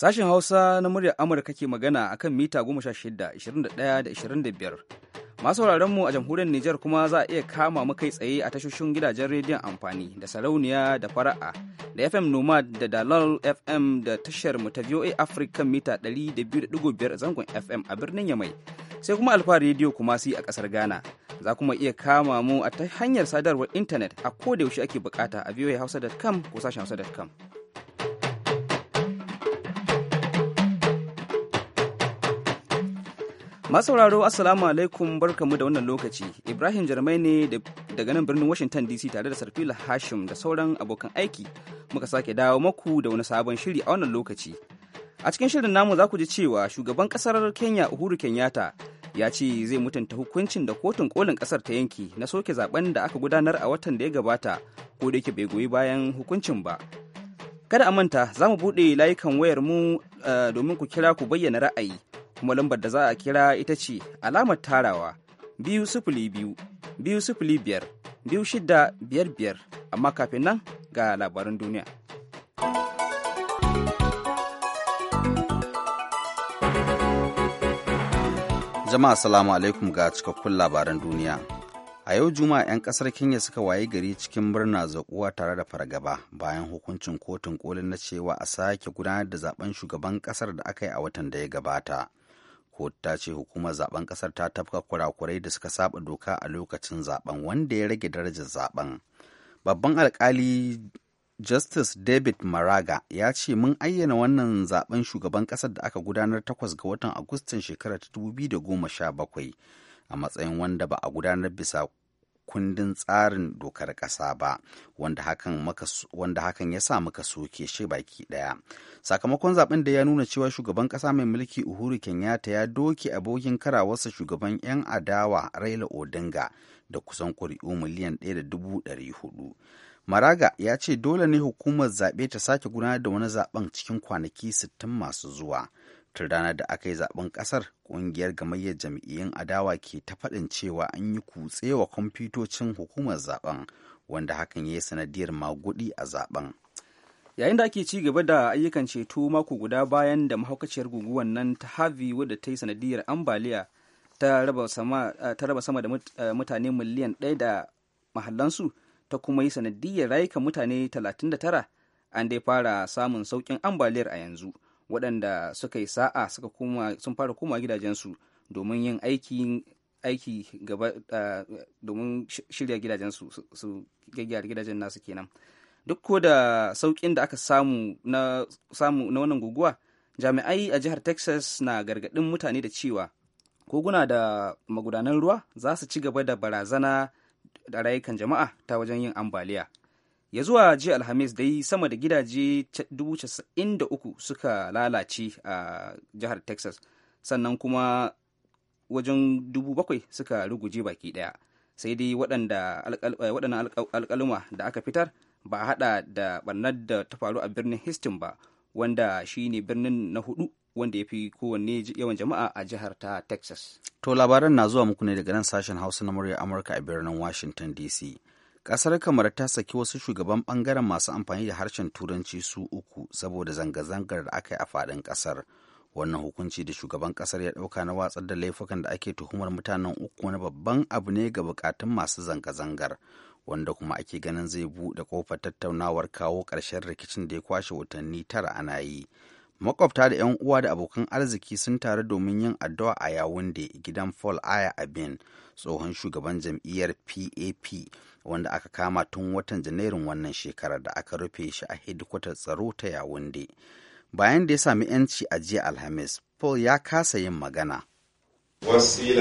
Sashen Hausa na muryar Amurka ke magana a kan mita 16, 21 da Masu mu a jamhuriyar Nijar kuma za a iya kama mu kai tsaye a tashoshin gidajen rediyon amfani da sarauniya da fara'a da FM Nomad da Dalal FM da tashar mu ta VOA Africa mita 200.5 zangon FM a birnin Yamai. Sai kuma Alfa rediyo kuma si a kasar Ghana. Za kuma iya kama mu a ta hanyar sadarwar intanet a yaushe ake bukata a voahausa.com ko sashen hausa.com. Masauraro Assalamu alaikum barkamu da wannan lokaci. Ibrahim Jarmai ne daga nan birnin Washington DC tare da Sarfila Hashim da sauran abokan aiki muka sake dawo maku da wani sabon shiri a wannan lokaci. A cikin shirin namu za ku ji cewa shugaban kasar Kenya Uhuru Kenyatta ya ce zai mutunta hukuncin da kotun kolin kasar ta yanki na soke zaben da aka gudanar a watan da ya gabata ko da yake bai goyi bayan hukuncin ba. Kada a manta za mu buɗe layukan wayar mu eh, domin ku kira ku bayyana ra'ayi kuma lambar da za a kira ita ce alamar tarawa biyu sufuli biyu biyu sufuli biyar biyu shida biyar biyar amma kafin nan ga labaran duniya. Jama'a salamu alaikum ga cikakkun labaran duniya. A yau Juma'a 'yan kasar Kenya suka waye gari cikin murna zaƙuwa tare da fargaba bayan hukuncin kotun kolin na cewa a sake gudanar da zaben shugaban kasar da aka yi a watan da ya gabata. court ta ce hukumar zaben kasar ta tafka kurakurai da suka saba doka a lokacin zaben wanda ya rage darajar zaben babban alkali Justice David Maraga ya ce mun ayyana wannan zaben shugaban ƙasar da aka gudanar takwas ga watan Agustan shekarar 2017 a matsayin wanda ba a gudanar bisa kundin tsarin dokar ƙasa ba wanda hakan ya sa muka soke shi baki ɗaya sakamakon zaben da ya nuna cewa shugaban ƙasa mai mulki uhuru kenyatta ya doke abokin karawarsa shugaban 'yan adawa raila odinga da kusan kuri'u miliyan hudu maraga ya ce dole ne hukumar zaɓe ta sake gudanar da wani zaben cikin kwanaki 60 masu zuwa tun ranar da aka yi zaben kasar kungiyar gamayyar jam'iyyun adawa ke ta faɗin cewa an yi kutsewa wa kwamfutocin hukumar zaben wanda hakan ya yi sanadiyar magudi a zaben yayin da ake ci gaba da ayyukan ceto mako guda bayan da mahaukaciyar guguwar nan ta harvey wadda ta yi sanadiyar ambaliya ta raba sama da eh, mutane miliyan ɗaya da mahallansu ta kuma yi sanadiyar rayukan mutane 39 an dai fara samun saukin ambaliyar a yanzu waɗanda suka yi sa'a suka kuma sun fara koma gidajensu domin yin aiki aiki gaba domin shirya gidajensu su gidajen nasu kenan duk ko da saukin da aka samu na samu na wannan guguwa jami'ai a jihar texas na gargaɗin mutane da cewa koguna da magudanan ruwa za su ci gaba da barazana da rayukan jama'a ta wajen yin ambaliya ya zuwa jiya alhamis dai sama da gidaje 93 suka lalace a jihar texas sannan kuma wajen 7,000 suka ruguje baki daya sai dai eh, waɗannan alƙaluma da aka fitar ba a hada da barnar da ta faru a birnin houston ba wanda shine birnin na hudu wanda ya fi kowanne yawan jama'a a jihar ta texas to labaran na zuwa muku ne daga nan sashen hausa na murya amurka a birnin washington dc Ƙasar Kamar ta saki wasu shugaban ɓangaren masu amfani da harshen Turanci su uku saboda zanga-zangar da aka yi a faɗin ƙasar. Wannan hukunci da shugaban ƙasar ya ɗauka na watsar da laifukan da ake tuhumar mutanen uku wani babban abu ne ga buƙatun masu zanga-zangar. Wanda kuma ake ganin zai buɗe ƙofar tattaunawar kawo ƙarshen rikicin da ya kwashe watanni tara ana yi. makwabta da 'yan uwa da abokan arziki sun taru domin yin addu'a a yawunde gidan paul aya abin tsohon shugaban jam'iyyar pap wanda aka kama tun watan janairun wannan shekarar da aka rufe shi a hedikwatar tsaro ta yawunde bayan da ya sami 'yanci a jiya alhamis paul ya kasa yin magana Voici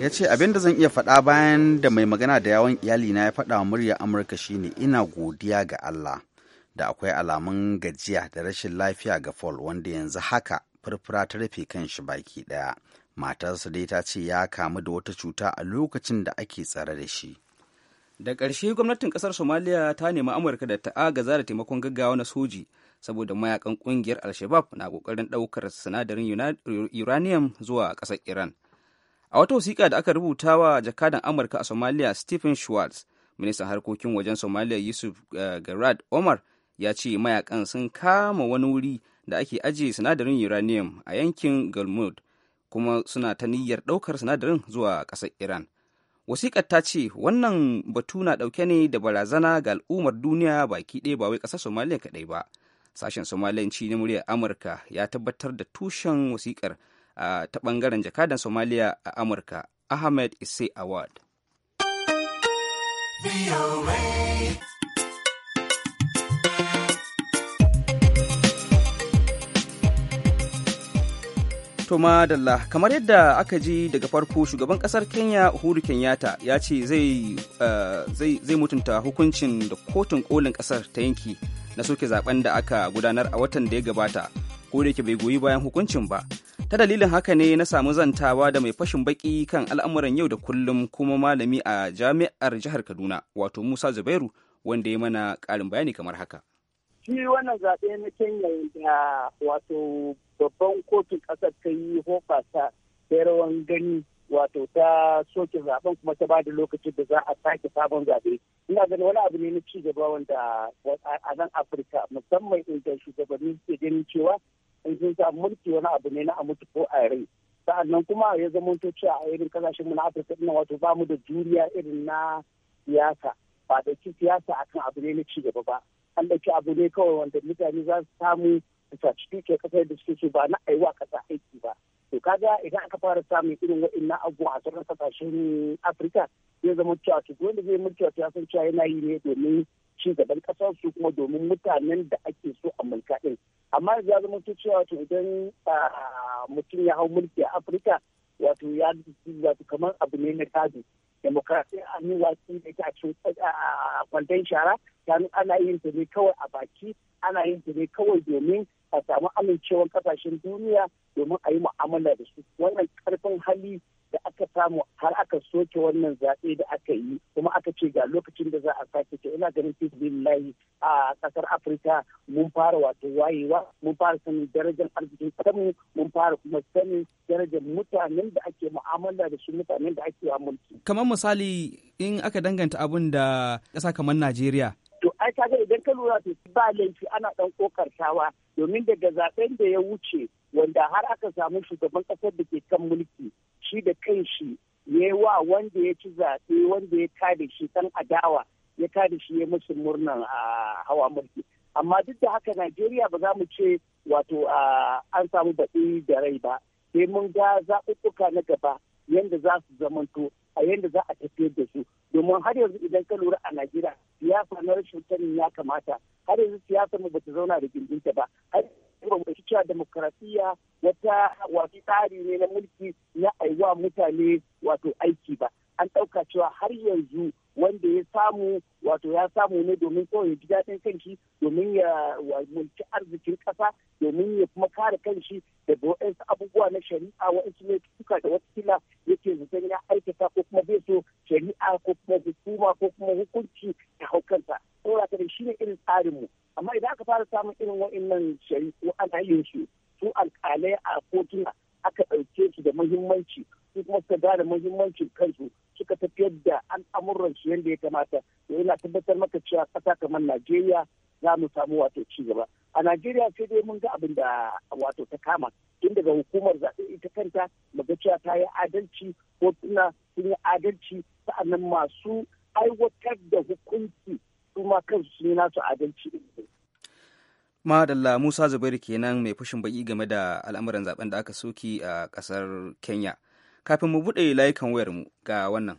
ya ce abin da zan iya faɗa bayan da mai magana da yawon na ya faɗa wa murya amurka shine ina godiya ga allah da akwai alamun gajiya da rashin lafiya ga fall wanda yanzu haka furfura ta rufe kan shi baki ɗaya matarsa dai ta ce ya kamu da wata cuta a lokacin da ake tsare da shi da ƙarshe gwamnatin ƙasar somaliya ta nemi amurka da ta agaza da taimakon gaggawa na soji saboda mayakan ƙungiyar al na ƙoƙarin ɗaukar sinadarin uranium zuwa ƙasar iran a wata wasiƙa da aka rubuta wa jakadan amurka a somalia stephen schwartz ministan harkokin wajen somalia yusuf uh, eh, garad omar ya ce mayakan sun kama wani wuri da ake ajiye sinadarin uranium a yankin galmud kuma suna ta niyyar ɗaukar sinadarin zuwa ƙasar iran wasiƙar ta ce wannan batu na ɗauke ne da barazana ga al'ummar duniya baki ɗaya ba wai ƙasar Somalia kaɗai ba sashen somaliyanci na muryar amurka ya tabbatar da tushen wasiƙar ta ɓangaren jakadan somaliya a amurka ahmed isse award To madalla kamar yadda aka ji daga farko shugaban kasar Kenya Uhuru Kenyatta ya ce zai, zai, mutunta hukuncin da kotun kolin kasar ta yanki na soke zaben da aka gudanar a watan da ya gabata ko da yake bai goyi bayan hukuncin ba ta dalilin haka ne na samu zantawa da mai fashin baki kan al'amuran yau da kullum kuma malami a jami'ar jihar kaduna wato musa zubairu wanda ya mana karin bayani kamar haka shi wannan zaɓe na kenya da wato babban kotun ƙasar ta yi hofasa ta rawan gani wato ta soke zaben kuma ta bada lokacin da za a sake sabon zaɓe ina ganin wani abu ne na ci gaba wanda a nan afirka musamman inda shugabanni suke ganin cewa in sun samu mulki wani abu ne na a mutu ko a rai sa'annan kuma ya zama cewa a irin kasashen mu na afirka din wato ba mu da juriya irin na siyasa ba da ci siyasa akan abu ne na ci gaba ba an dauki abu ne kawai wanda mutane za su samu su saci duke kasar da suke ce ba na aiwa kasa aiki ba to kaga idan aka fara samun irin na abu a sauran kasashen afirka ya zama cewa to dole zai mulki wato ya san cewa yana yi ne domin ci gaban kasar su kuma domin mutanen da ake so a mulka ɗin amma ya zama to cewa to idan mutum ya hau mulki a Afirka wato ya wato kamar abu ne na gado demokarasi a ni wasu ne ta a kwandon shara sanu ana yin ta ne kawai a baki ana yin ta ne kawai domin a samu amincewar kasashen duniya domin a yi mu'amala da su wannan karfin hali da aka samu har aka soke wannan zaɓe da aka yi kuma aka ce ga lokacin da za a sake ke ina ganin layi a ƙasar afirka mun fara wato wayewa mun fara sanin darajar arzikin kanmu mun fara kuma sanin darajar mutanen da ake mu'amala da su mutanen da ake wa mulki kamar misali in aka danganta abun da ƙasa kamar najeriya to ai kaga idan ka lura to ba laifi ana ɗan kokartawa domin daga zaɓen da ya wuce wanda har aka samu shugaban ƙasar da ke kan mulki shi da shi ya yi wa wanda ya ci zaɓe wanda ya kada shi san adawa ya kada shi ya musu murnan a hawa mulki amma duk da haka najeriya ba za mu ce wato an samu baɗi da rai ba sai mun ga zaɓuɓɓuka na gaba yadda za su zamanto a yadda za a tafiyar da su domin har yanzu idan ka lura a najeriya siyasa na rashin ya kamata har yanzu siyasa mu ta zauna da gindinta ba har gwamnati cewa demokarasiya wata wato tsari ne na mulki na aiwa mutane wato aiki ba an ɗauka cewa har yanzu wanda ya samu wato ya samu ne domin kawai ya ji daɗin kanshi domin ya mulki arzikin ƙasa domin ya kuma kare kanshi daga waɗansu abubuwa na shari'a waɗansu ne suka da wata kila yake zaton ya aikata ko kuma bai so shari'a ko kuma hukuma ko kuma hukunci ya hau kanta. da shi ne irin tsarinmu amma idan aka fara samun irin wa'annan shari'u ana yin su su alƙalai a kotuna aka ɗauke su da muhimmanci su kuma suka gane muhimmancin kansu suka tafiyar da al'amuran su yadda ya kamata to yana tabbatar maka cewa ƙasa kamar Najeriya za mu samu wato ci gaba a Najeriya sai dai mun ga abin da wato ta kama tun daga hukumar zaɓe ita kanta muga cewa ta yi adalci ko suna sun yi adalci sa'annan masu aiwatar da hukunci su ma kansu sun yi nasu adalci madalla musa zubairu kenan mai fushin baki game da al'amuran zaben da aka soki a kasar kenya kafin mu buɗe layukan wayarmu ga wannan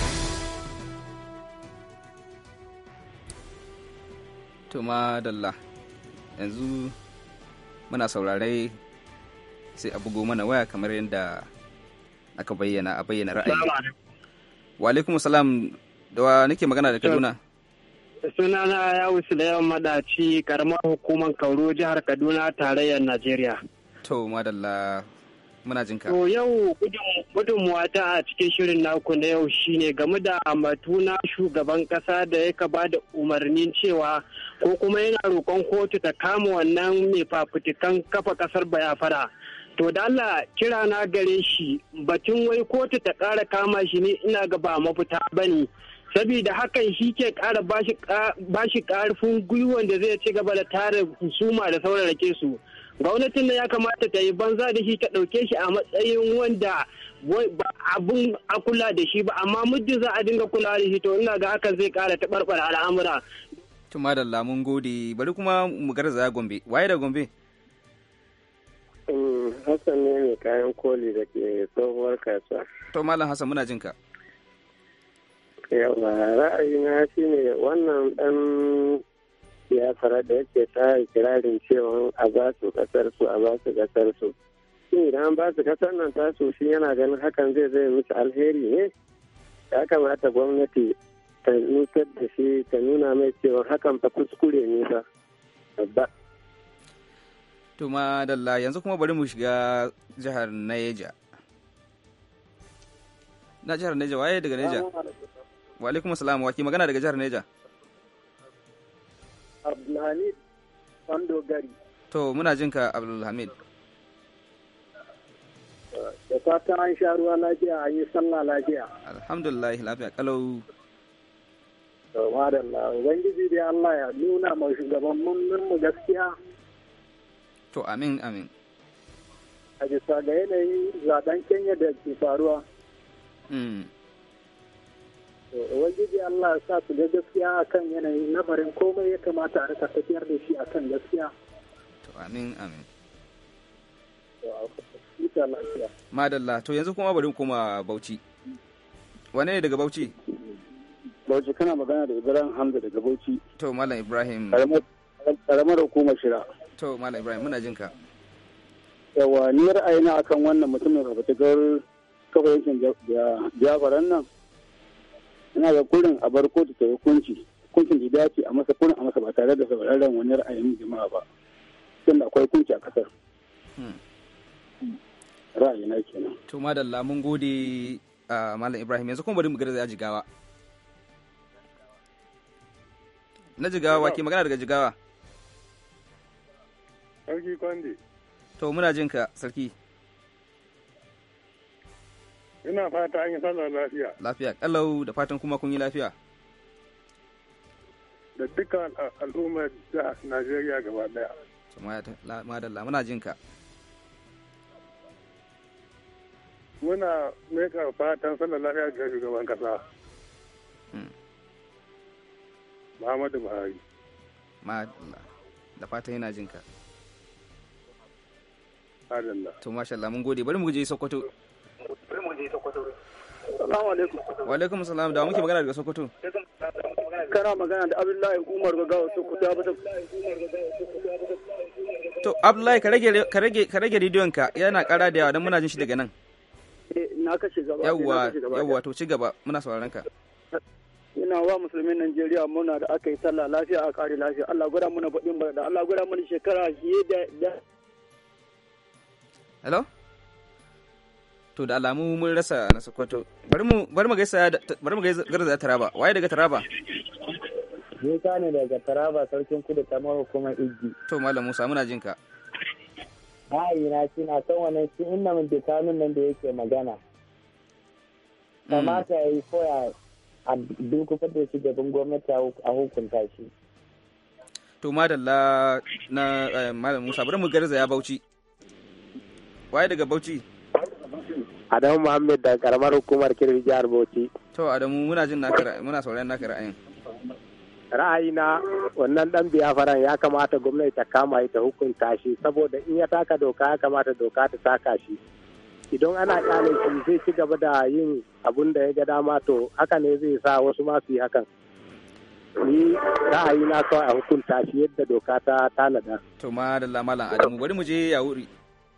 to madalla yanzu muna saurare sai a bugo mana waya kamar yadda aka bayyana a bayyana ra'ayi wa alaikum salam da wa nake magana da kaduna sunana ya wuce da yawan madaci karamar hukumar kauro jihar kaduna tarayyar najeriya to madalla muna jinka. To yau gudunmuwa ta a cikin shirin naku na yau shine game da amatu na shugaban kasa da ya ba da umarnin cewa ko kuma yana roƙon kotu ta kama wannan mai fafutukan kafa kasar bayafara. To da Allah kira na gare shi batun wai kotu ta ƙara kama shi ne ina ga ba mafita bane. saboda hakan shi ke ƙara bashi ƙarfin gwiwan da zai ci gaba da tare husuma da saurarake su. gwamnatin nan ya kamata ta yi banza da shi ta ɗauke shi a matsayin wanda abun a kula da shi ba amma muddin za a dinga kula da shi to ina ga hakan zai kara ta barbara al'amura. Tuma da lamun gode bari kuma mu garzaya Gombe waye da Gombe. Mm, Hassan ne mai kayan koli da ke tsohuwar kasuwa. To Malam Hassan muna jinka. Yawa ra'ayina shi ne wannan ɗan ya fara da yake ta ikirarin cewa a ba su kasar su a ba su kasar su shin idan ba su kasar nan ta su shi yana ganin hakan zai zai musu alheri ne ya kamata gwamnati ta nutar da shi ta nuna mai cewa hakan fa kuskure ne ba babba to madalla yanzu kuma bari mu shiga jihar Neja na jihar Neja waye daga Neja wa alaikum salam waki magana daga jihar Neja Abdulhamid gari. To muna jin ka Abdulhamid. Da ta an sha ruwa lafiya an yi sallah lafiya. Alhamdulillah lafiya kalau. To madalla Ubangiji dai Allah ya nuna ma shugabannin mu gaskiya. To amin amin. A bisa ga yanayin zaben Kenya da ke faruwa. Hmm. Ubangiji Allah sa su ga gaskiya akan yanayin lamarin komai ya kamata a rika tafiyar da shi akan gaskiya. To amin amin. Madalla to yanzu kuma bari kuma Bauchi. Wane ne daga Bauchi? Bauchi kana magana da Ibrahim Hamza daga Bauchi. To Malam Ibrahim. Karamar hukumar shira. To Malam Ibrahim muna jinka. Yawa ni ra'ayina akan wannan mutumin rabatagar kafa yankin jagoran nan. ina ga kurin a bar kotu ta hukunci hukuncin da dace a masa kurin a masa ba tare da sauraron wani ra'ayin jama'a ba da akwai hukunci a kasar hmm. ra'ayi na kenan to madalla mun gode malam ibrahim yanzu kuma bari mu gara da jigawa na jigawa ke magana daga jigawa sarki kwande to muna jinka sarki Ina fata an yi sallar lafiya. Lafiya kalau da fatan kuma kun yi lafiya. Da duka al'ummar da Najeriya gaba daya. Madalla muna jin ka. Muna meka fatan sallar lafiya ga shugaban kasa. Hmm. Muhammadu Buhari. Madalla da fatan yana jin ka. To masha Allah mun gode bari mu je Sokoto. muje Sokoto. Assalamu alaikum. Wa alaikum salam da muke magana daga Sokoto. Kana magana da Abdullahi Umar Gagawa Sokoto ya bata. To Abdullahi ka rage ka rage rediyon ka yana kara da yawa dan muna jin shi daga nan. Eh, na kashe gaba. Yawwa yawwa to ci gaba muna sauraron ka. ina wa musulmin Najeriya muna da aka yi sallah lafiya a kare lafiya Allah gwada mana baɗin barada Allah gwada mana shekara fiye da Hello? to da alamu mun rasa na Sokoto bari mu bari gaisa bari mu gaisa Taraba waye daga Taraba ka ne daga Taraba sarkin kudu kamar kuma Igi to malam Musa muna jin ka na shi na san wannan shi inna min bitanun nan da yake magana mm. kamata ya yi koya a dukkan da gaban gwamnati a hukunta shi to madalla na eh, malam Musa bari mu garza ya Bauchi waye daga Bauchi Adamu Muhammad da karamar hukumar Kirbi jihar Bauchi. To Adamu muna jin naka muna sauraron naka ra'ayin. Ra'ayina wannan dan biyafaran ya kamata gwamnati ta kama ta hukunta shi saboda in ya taka doka ya kamata doka ta saka shi. Idan ana kyale shi zai ci gaba da yin abun da ya ga dama to haka ne zai sa wasu ma su yi hakan. Ni ra'ayina kawai a hukunta shi yadda doka ta tanada. To ma da lamalan Adamu bari mu je Yawuri.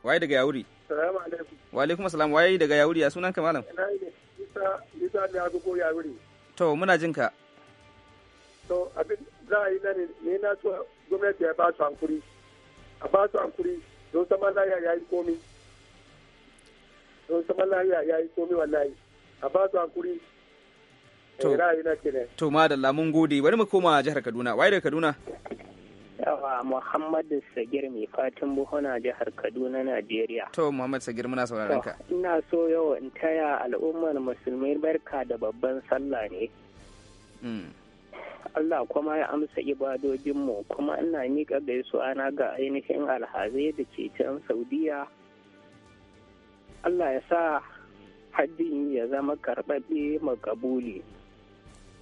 Waye daga Yawuri? Salamu alaikum. Wa alaikum assalam waye daga Yawuri ya ka malam? Isa da ko Yawuri. To muna jin ka. To abin za a yi na ne ne na so gwamnati ya ba su hankuri. A ba su hankuri don sama lahiya ya yi komi. Don sama lahiya ya yi komi wallahi. A ba su hankuri. To, eh, to madalla mun gode bari mu koma jihar Kaduna. Waye daga Kaduna? Yawa Muhammadu Sagir mai fatan buhuna jihar Kaduna, Najeriya. To Muhammad Sagir muna sauraron ka. Ina so yau in taya al'ummar musulmai barka da babban sallah ne. Mm. Allah kuma ya amsa ibadojinmu kuma ina miƙa gaisuwa na ga ainihin alhazai da ke can Saudiya. Allah ya sa haddin ya zama karɓaɓɓe makabuli.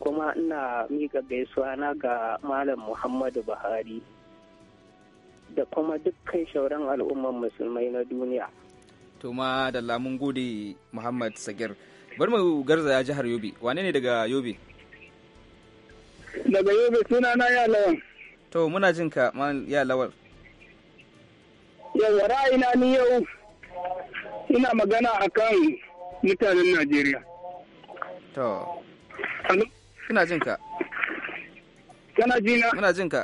kuma ina miƙa gaisuwa na ga malam muhammadu buhari da kuma dukkan shauran al'ummar musulmai na duniya to ma da lamun gode muhammad sagir bar mu garza jihar yobe wane ne daga yobe daga yobe suna na ya lawan to muna jin ka ma ya lawan yawa ina ni yau ina magana akan mutanen najeriya to kana jin ka. Kana jina. Muna jin ka.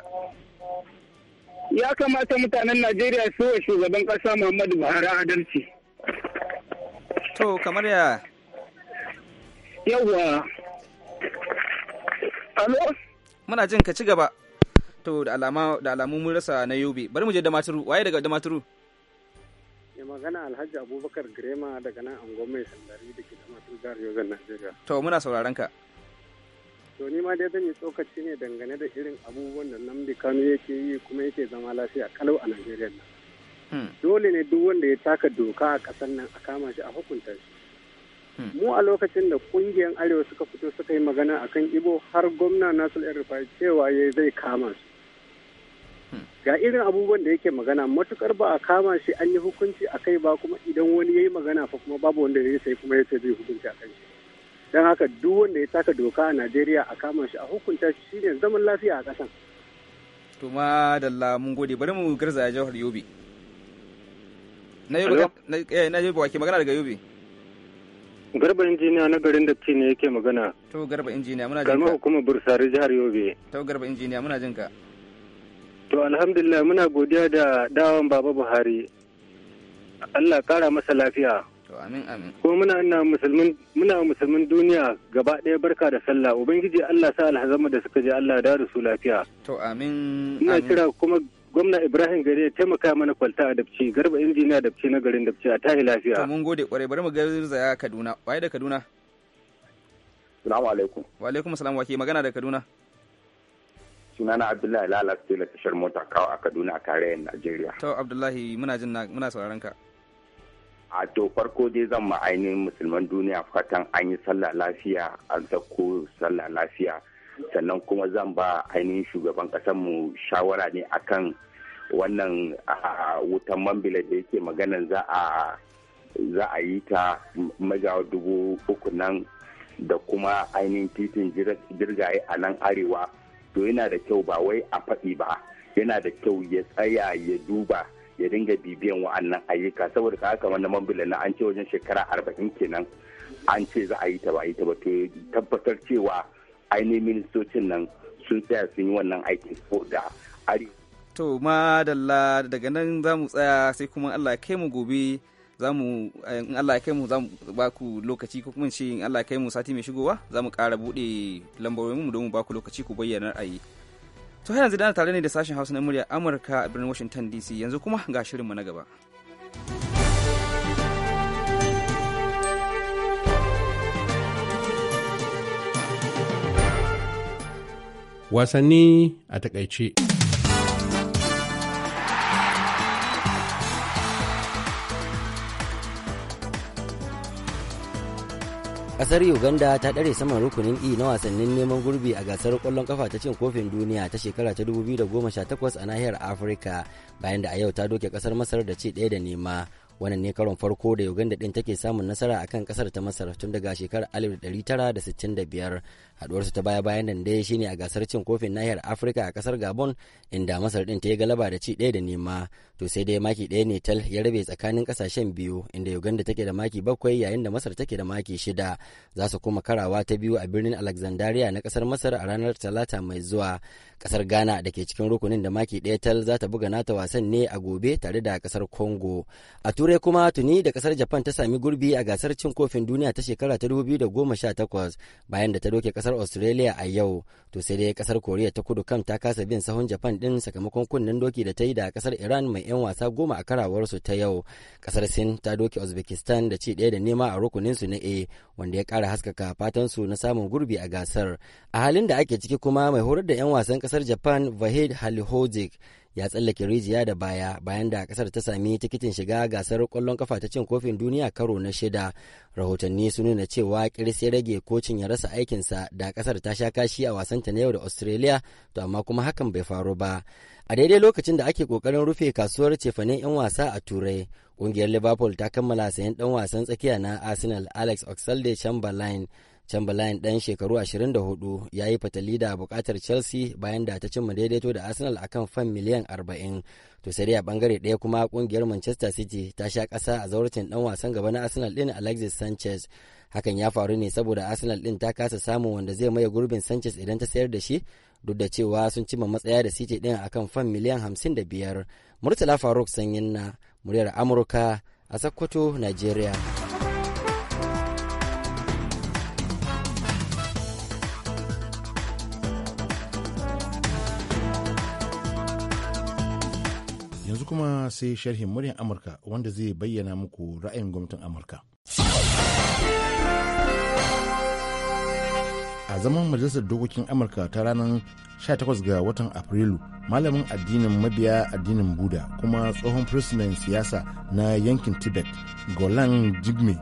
Ya kamata mutanen Najeriya su wa shugaban kasa Muhammadu Buhari adalci. To kamar ya? Yawwa. Alo? Muna jin ka ci gaba. To da alama da alamu mun rasa na Yobe. Bari mu je Damaturu. Waye daga Damaturu? Ya magana Alhaji Abubakar Girema daga nan Angon Mai Sandari da ke Damaturu jihar zan Najeriya. To muna sauraron ka. to ni ma dai zan yi tsokaci ne dangane da irin abubuwan da namdi kano yake yi kuma yake zama lafiya kalau a najeriya nan hmm. dole ne duk wanda ya taka doka a ƙasar nan a kama shi a hukunta shi hmm. mu a lokacin da kungiyar arewa suka fito suka yi magana akan ibo har gwamna nasu rufa cewa ya zai kama su hmm. ga irin abubuwan da yake magana matukar ba a kama shi an yi hukunci a kai ba kuma idan wani ya yi magana fa kuma babu wanda ya yi sai kuma ya ce zai hukunci a kan don haka duk wanda ya taka doka a najeriya a kama shi a hukunta shi ne zaman lafiya a ƙasan. to ma dalla mun gode bari mu garza a jihar yobe na yobe eh, wake magana daga yobe garba injiniya na garin da ne yake magana to garba injiniya muna jinka kalmar hukumar bursari jihar yobe to garba injiniya muna jinka to alhamdulillah muna godiya da dawon baba buhari allah kara masa lafiya amin amin. Ko muna ina musulmin muna musulmin duniya gaba ɗaya barka da sallah ubangiji Allah sa alhazama da suka je Allah da su lafiya. To amin. Ina kira kuma gwamna Ibrahim Gare ya taimaka mana kwalta a dabci garba injiniya dabci na garin dabci a tahi lafiya. To mun gode kwarai bari mu ya Kaduna waye da Kaduna. Salamu alaikum. Wa alaikum salam wa magana da Kaduna. sunana Abdullahi Lalas tashar mota kawo a Kaduna a tarayyar Najeriya. To Abdullahi muna jin muna sauraron ka. a to farko dai zan ma ainihin musulman duniya fatan an yi sallah lafiya an sako sallah lafiya sannan kuma zan ba ainihin shugaban mu shawara ne akan wannan wutan mambila da yake maganan za a za a yi ta magawa dubu uku nan da kuma ainihin titin jirgaye a nan arewa to yana da kyau ba wai a faɗi ba yana da kyau ya tsaya ya duba ya dinga bibiyan wa'annan ayyuka saboda ka haka na mambila na an ce wajen shekara arba'in kenan an ce za a yi ta ba yi ta ba to tabbatar cewa ainihin ministocin nan sun tsaya sun yi wannan aikin ko da ari. to madalla daga nan za mu tsaya sai kuma allah ya kai mu gobe za mu in Allah ya kai mu za mu ba ku lokaci ko kuma in ce in Allah ya kai mu sati mai shigowa za mu kara buɗe lambarorin mu don mu ba ku lokaci ku bayyana ra'ayi to har yanzu dana tare ne da sashen hausa na murya amurka a birnin washington dc yanzu kuma ga shirinmu na gaba wasanni a takaice Ƙasar Uganda ta ɗare saman rukunin E na wasannin neman gurbi a gasar ƙwallon kafa ta cin kofin duniya ta shekara ta 2018 a nahiyar Afirka bayan da a yau ta doke ƙasar Masar da ce ɗaya da nema wannan ne karon farko da uganda din take samun nasara akan kasar ta masar tun daga shekarar 1965 haduwarsu ta baya bayan nan dai shine a gasar cin kofin nahiyar afirka a kasar gabon inda masar din ta yi galaba da ci ɗaya da nema to sai dai maki ɗaya ne tal ya rabe tsakanin kasashen biyu inda uganda take da maki bakwai yayin da masar take da maki shida za su kuma karawa ta biyu a birnin alexandria na kasar masar a ranar talata mai zuwa kasar ghana da ke cikin rukunin da maki ɗaya tal za ta buga nata wasan ne a gobe tare da kasar congo a turai kuma tuni da kasar japan ta sami gurbi a gasar cin kofin duniya ta shekara ta 2018 bayan da ta doke kasar australia a yau to sai dai kasar korea ta kudu kan ta kasa bin sahun japan din sakamakon kunnen doki da ta yi da kasar iran mai yan wasa goma a karawarsu ta yau kasar sin ta doke uzbekistan da ci ɗaya da nema a rukunin su na a wanda ya kara haskaka fatan su na samun gurbi a gasar a halin da ake ciki kuma mai horar da yan wasan kasar japan vahid halihodzic ya tsallake rijiya da baya bayan da kasar ta sami tikitin shiga gasar kwallon kafa ta cin kofin duniya karo na shida rahotanni sun nuna cewa kiris ya rage kocin ya rasa aikinsa da kasar ta sha kashi a wasanta na yau da australia to amma kuma hakan bai faru ba a daidai lokacin da ake kokarin rufe kasuwar cefanen 'yan wasa a turai ƙungiyar liverpool ta kammala sayan dan wasan tsakiya na arsenal alex oxlade chamberlain Chamberlain ɗan shekaru 24 ya yi fatali da buƙatar Chelsea bayan da ta cimma daidaito da Arsenal akan fan miliyan 40. To sai a bangare ɗaya kuma ƙungiyar Manchester City ta sha ƙasa a zauracin ɗan wasan gaba na Arsenal ɗin Alexis Sanchez. Hakan ya faru ne saboda Arsenal ɗin ta kasa samun wanda zai maye gurbin Sanchez idan ta sayar da shi duk da cewa sun cimma matsaya da City ɗin akan fan miliyan 55. Murtala Faruk Sanyin na muryar Amurka a Sokoto, Nigeria. yanzu kuma sai sharhin muryar amurka wanda zai bayyana muku ra'ayin gwamnatin amurka a zaman majalisar dokokin amurka ta ranar 18 ga watan afrilu malamin addinin mabiya addinin buda kuma tsohon firistinan siyasa na yankin tibet golan jigme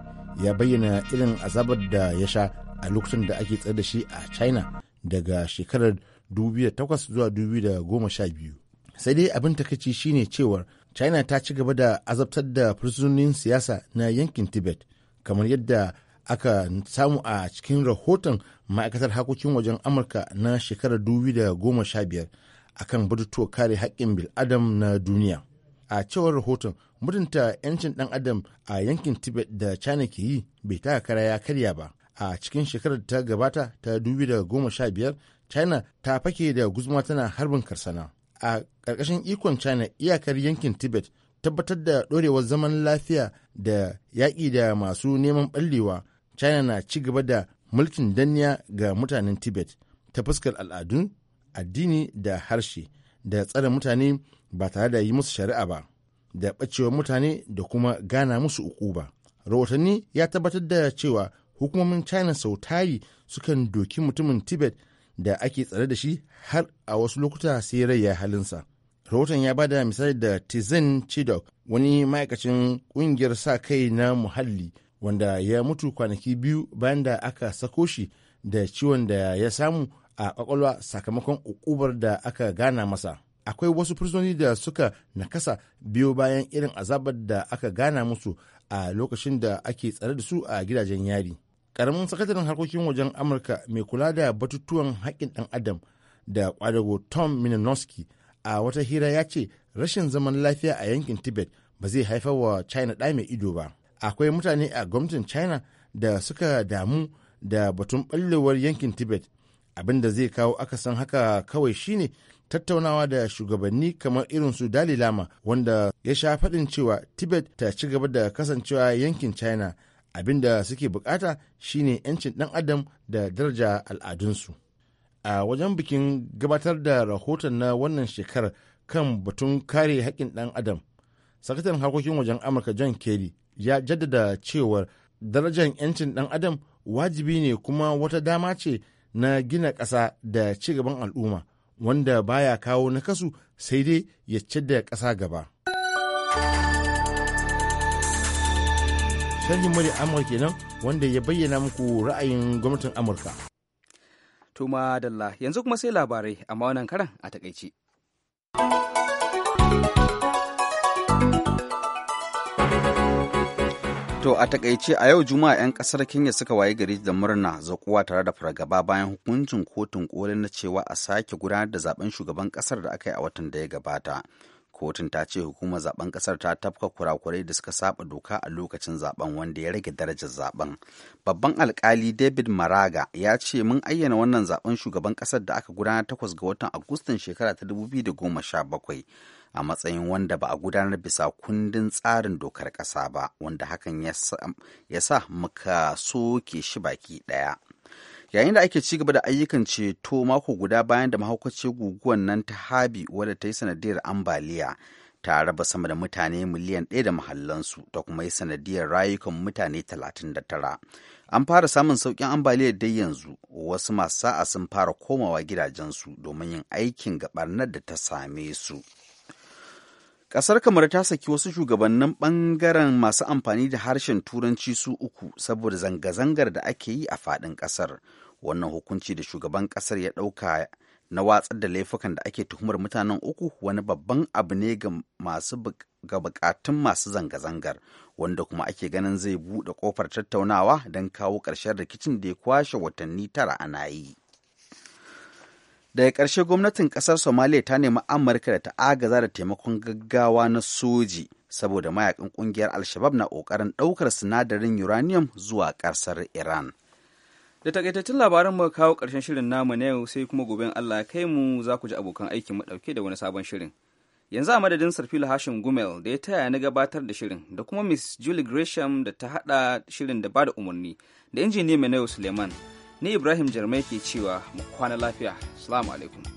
ya bayyana irin azabar da ya sha a lokacin da ake tsar da shi a china daga shekarar 2008 zuwa 2012 sai dai abin takaici shine cewar china ta ci gaba da azabtar da fursunonin siyasa na yankin tibet kamar yadda aka samu a cikin rahoton ma'aikatar hakokin wajen amurka na shekarar 2015 akan batutuwa kare haƙƙin bil'adam na duniya a cewar rahoton mutunta 'yancin ɗan adam a yankin tibet da china ke yi bai taka kara ya karya ba a cikin shekarar ta gabata ta 2015 china ta fake da guzma tana harbin karsana a ƙarƙashin ikon china iyakar yankin tibet tabbatar da ɗorewar zaman lafiya da yaƙi da masu neman ɓallewa china na ci gaba da mulkin danniya ga mutanen tibet ta fuskar al'adun addini da harshe da tsare mutane ba tare da yi musu shari'a ba da ɓacewar mutane da kuma gana musu ba rahotanni ya tabbatar da cewa hukumomin china sau tari sukan doki mutumin tibet da ake tsare da shi har a wasu lokuta sai rai ya halinsa. Rahoton ya bada misali da Tizen Chidok wani ma'aikacin ƙungiyar sa kai na muhalli wanda ya mutu kwanaki biyu bayan da aka sako shi da ciwon da ya samu a ƙwaƙwalwa sakamakon ukubar da aka gana masa. Akwai wasu fursunoni da suka nakasa biyo bayan irin azabar da aka gana musu a lokacin da ake tsare da su a gidajen yari. karamin sakataren harkokin wajen amurka mai kula da batutuwan haƙƙin ɗan adam da ƙwadago tom minnowski a wata hira ya ce rashin zaman lafiya a yankin tibet ba zai haifar wa china ɗa mai ido ba akwai mutane a gwamnatin china da suka damu da batun ɓallewar yankin tibet abin da zai kawo akasin haka kawai shine tattaunawa da shugabanni kamar irin su dalilama wanda ya sha faɗin cewa Tibet ta ci gaba da kasancewa yankin China abin da suke bukata shine 'yancin ɗan adam da daraja al'adunsu a wajen bikin gabatar da rahoton na wannan shekarar kan batun kare haƙƙin ɗan adam sakataren harkokin wajen amurka john kerry ya jaddada cewar darajar 'yancin ɗan adam wajibi ne kuma wata dama ce na gina ƙasa da ci gaban al'umma wanda baya kawo nakasu sai dai ya da ƙasa gaba. sharhin murya amurka kenan wanda ya bayyana muku ra'ayin gwamnatin amurka tuma dalla yanzu kuma sai labarai amma wannan karan a takaice To a takaice a yau Juma'a 'yan kasar Kenya suka waye gari da murna zakuwa tare da fargaba bayan hukuncin kotun koli na cewa a sake gudanar da zaben shugaban kasar da aka yi a watan da ya gabata. kotun ta ce hukumar zaben kasar ta tafka kurakurai da suka saba doka a lokacin zaben wanda ya rage darajar zaben babban alkali david maraga ya ce mun ayyana wannan zaben shugaban kasar da aka gudana takwas ga watan agustan shekara ta 2017 a matsayin wanda ba a gudanar bisa kundin tsarin dokar ƙasa ba wanda hakan ya sa muka soke shi baki ɗaya yayin da ake ci gaba da ayyukan ceto mako guda bayan da mahaukaci guguwan nan ta habi wadda ta yi sanadiyar ambaliya ta raba sama da mutane miliyan ɗaya da mahallansu ta kuma yi sanadiyar rayukan mutane 39 an fara samun sauƙin ambaliyar dai yanzu wasu masu sa'a sun fara komawa gidajensu domin yin aikin gaɓarnar da ta same su. Ƙasar Kamar ta saki wasu shugabannin ɓangaren masu amfani da harshen Turanci su uku saboda zanga-zangar da ake yi a faɗin ƙasar. Wannan hukunci da shugaban ƙasar ya ɗauka na watsar da laifukan da ake tuhumar mutanen uku wani babban abu ne ga masu bukatun masu zanga-zangar wanda kuma ake ganin zai buɗe ƙofar tattaunawa don kawo ƙarshen rikicin da ya kwashe watanni tara ana yi. daga ƙarshe gwamnatin ƙasar somaliya ta nemi amurka da ta agaza da taimakon gaggawa na soji saboda mayakan ƙungiyar alshabab na ƙoƙarin ɗaukar sinadarin uranium zuwa ƙasar iran da takaitattun labarin mu kawo ƙarshen shirin namu na yau sai kuma gobe allah ya kai mu za ku ji abokan aikin mu ɗauke da wani sabon shirin yanzu a madadin sarfila hashim gumel da ya taya na gabatar da shirin da kuma miss julie gresham da ta haɗa shirin da ba da umarni da injiniya mai na yau suleiman ni ibrahim jarmai ke cewa mu kwana lafiya salamu alaikum